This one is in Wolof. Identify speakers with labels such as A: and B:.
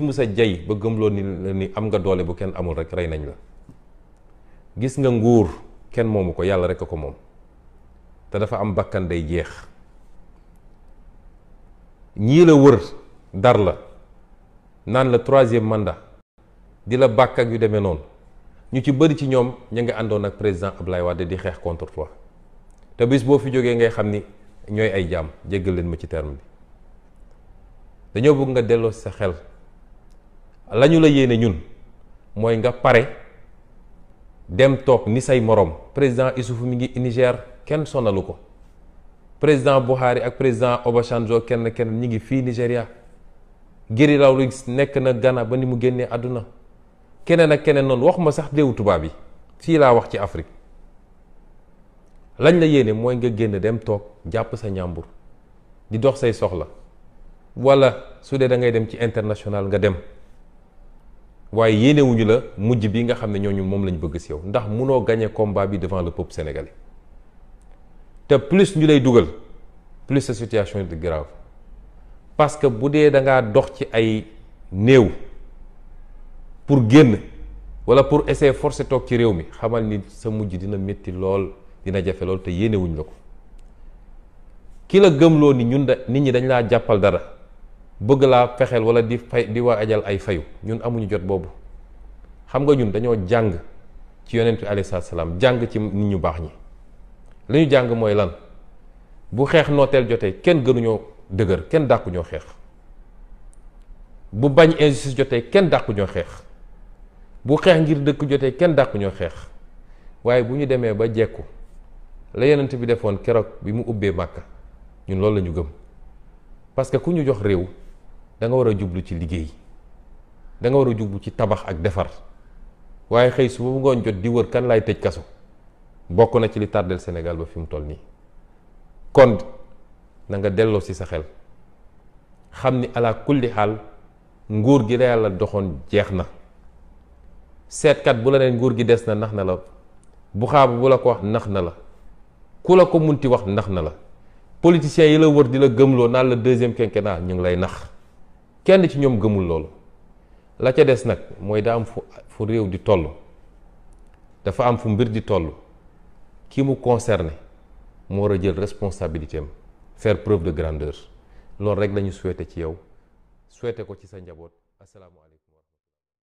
A: mu sa jay ba gëmloo ni ni am nga doole bu kenn amul rek rey nañ la gis nga nguur kenn moomu ko yàlla rek a ko moom te dafa am bakkan day jeex ñii la wër dar la naan la troisième mandat di la bàkk ak yu demee noonu ñu ci bëri ci ñoom ñu ngi àndoon ak président Ablaye Wade di xeex contre toi te bis boo fi jógee ngay xam ni ñooy ay jaam jéggal leen ma ci terme bi dañoo bëgg nga delloo sa xel lañu la yéene ñun mooy nga pare dem toog ni say morom président Issoufou mi ngi Niger kenn sonalu ko président Buhari ak président Obasanjo kenn kenn ñi ngi fii Nigéria Jerry Rawlings nekk na Ghana ba ni mu génnee àdduna keneen ak keneen noonu waxuma sax déw tubaab yi fii laa wax ci Afrique lañ la yéene mooy nga génn dem toog jàpp sa ñàmbur di dox say soxla wala su dee da ngay dem ci international nga dem waaye yéenewuñu la mujj bi nga xam ne ñooñu moom lañu bëgg si yow ndax munoo gagné combat bi devant le peuple sénégalais te plus ñu lay dugal plus sa situation de grave parce que bu dee da ngaa dox ci ay néew pour génn wala pour essayer force toog ci réew mi xamal ni sa mujj dina métti lool dina jafe lool te yéenewuñ la ko ki la gëmloo ni ñun da nit ñi dañ laa jàppal dara bëgg laa fexeel wala di fay di waajal ay fayu ñun amuñu jot boobu xam nga ñun dañoo jàng ci yonent bi alayhi salaam jàng ci nit ñu baax ñi li ñu jàng mooy lan bu xeex nooteel jotee kenn gënuñoo dëgër kenn dàquñoo xeex bu bañ jotee kenn dàquñoo xeex bu xeex ngir dëkk jotee kenn dàquñoo xeex waaye bu ñu demee ba jekku la yenent bi defoon keroog bi mu ubbee màkka ñun loolu lañu gëm parce que ku ñu jox réew danga war a jublu ci liggéey danga war a jublu ci tabax ak defar waaye xëy su bu ngoon jot di wër kan laay tëj kaso bokk na ci li tardel Sénégal ba fi mu toll nii kon na nga delloo si sa xel xam ni ala kulli xaal nguur gi la yàlla doxoon jeex na seetkat bu la neen nguur gi des na nax na la bu xaabu bu la ko wax nax na la ku la ko munti wax nax na la politiciens yi la wër di la gëmloo naan la deuxième quinquennat ñu ngi lay nax kenn ci ñoom gëmul loolu la ca des nag mooy daa fu fu réew di toll dafa am fu mbir di toll kii mu concerné mu war a jël responsabilité am faire preuve de grandeur loolu rek lañu suwete ci yow souhaité ko ci sa njaboot asalaamaaleykum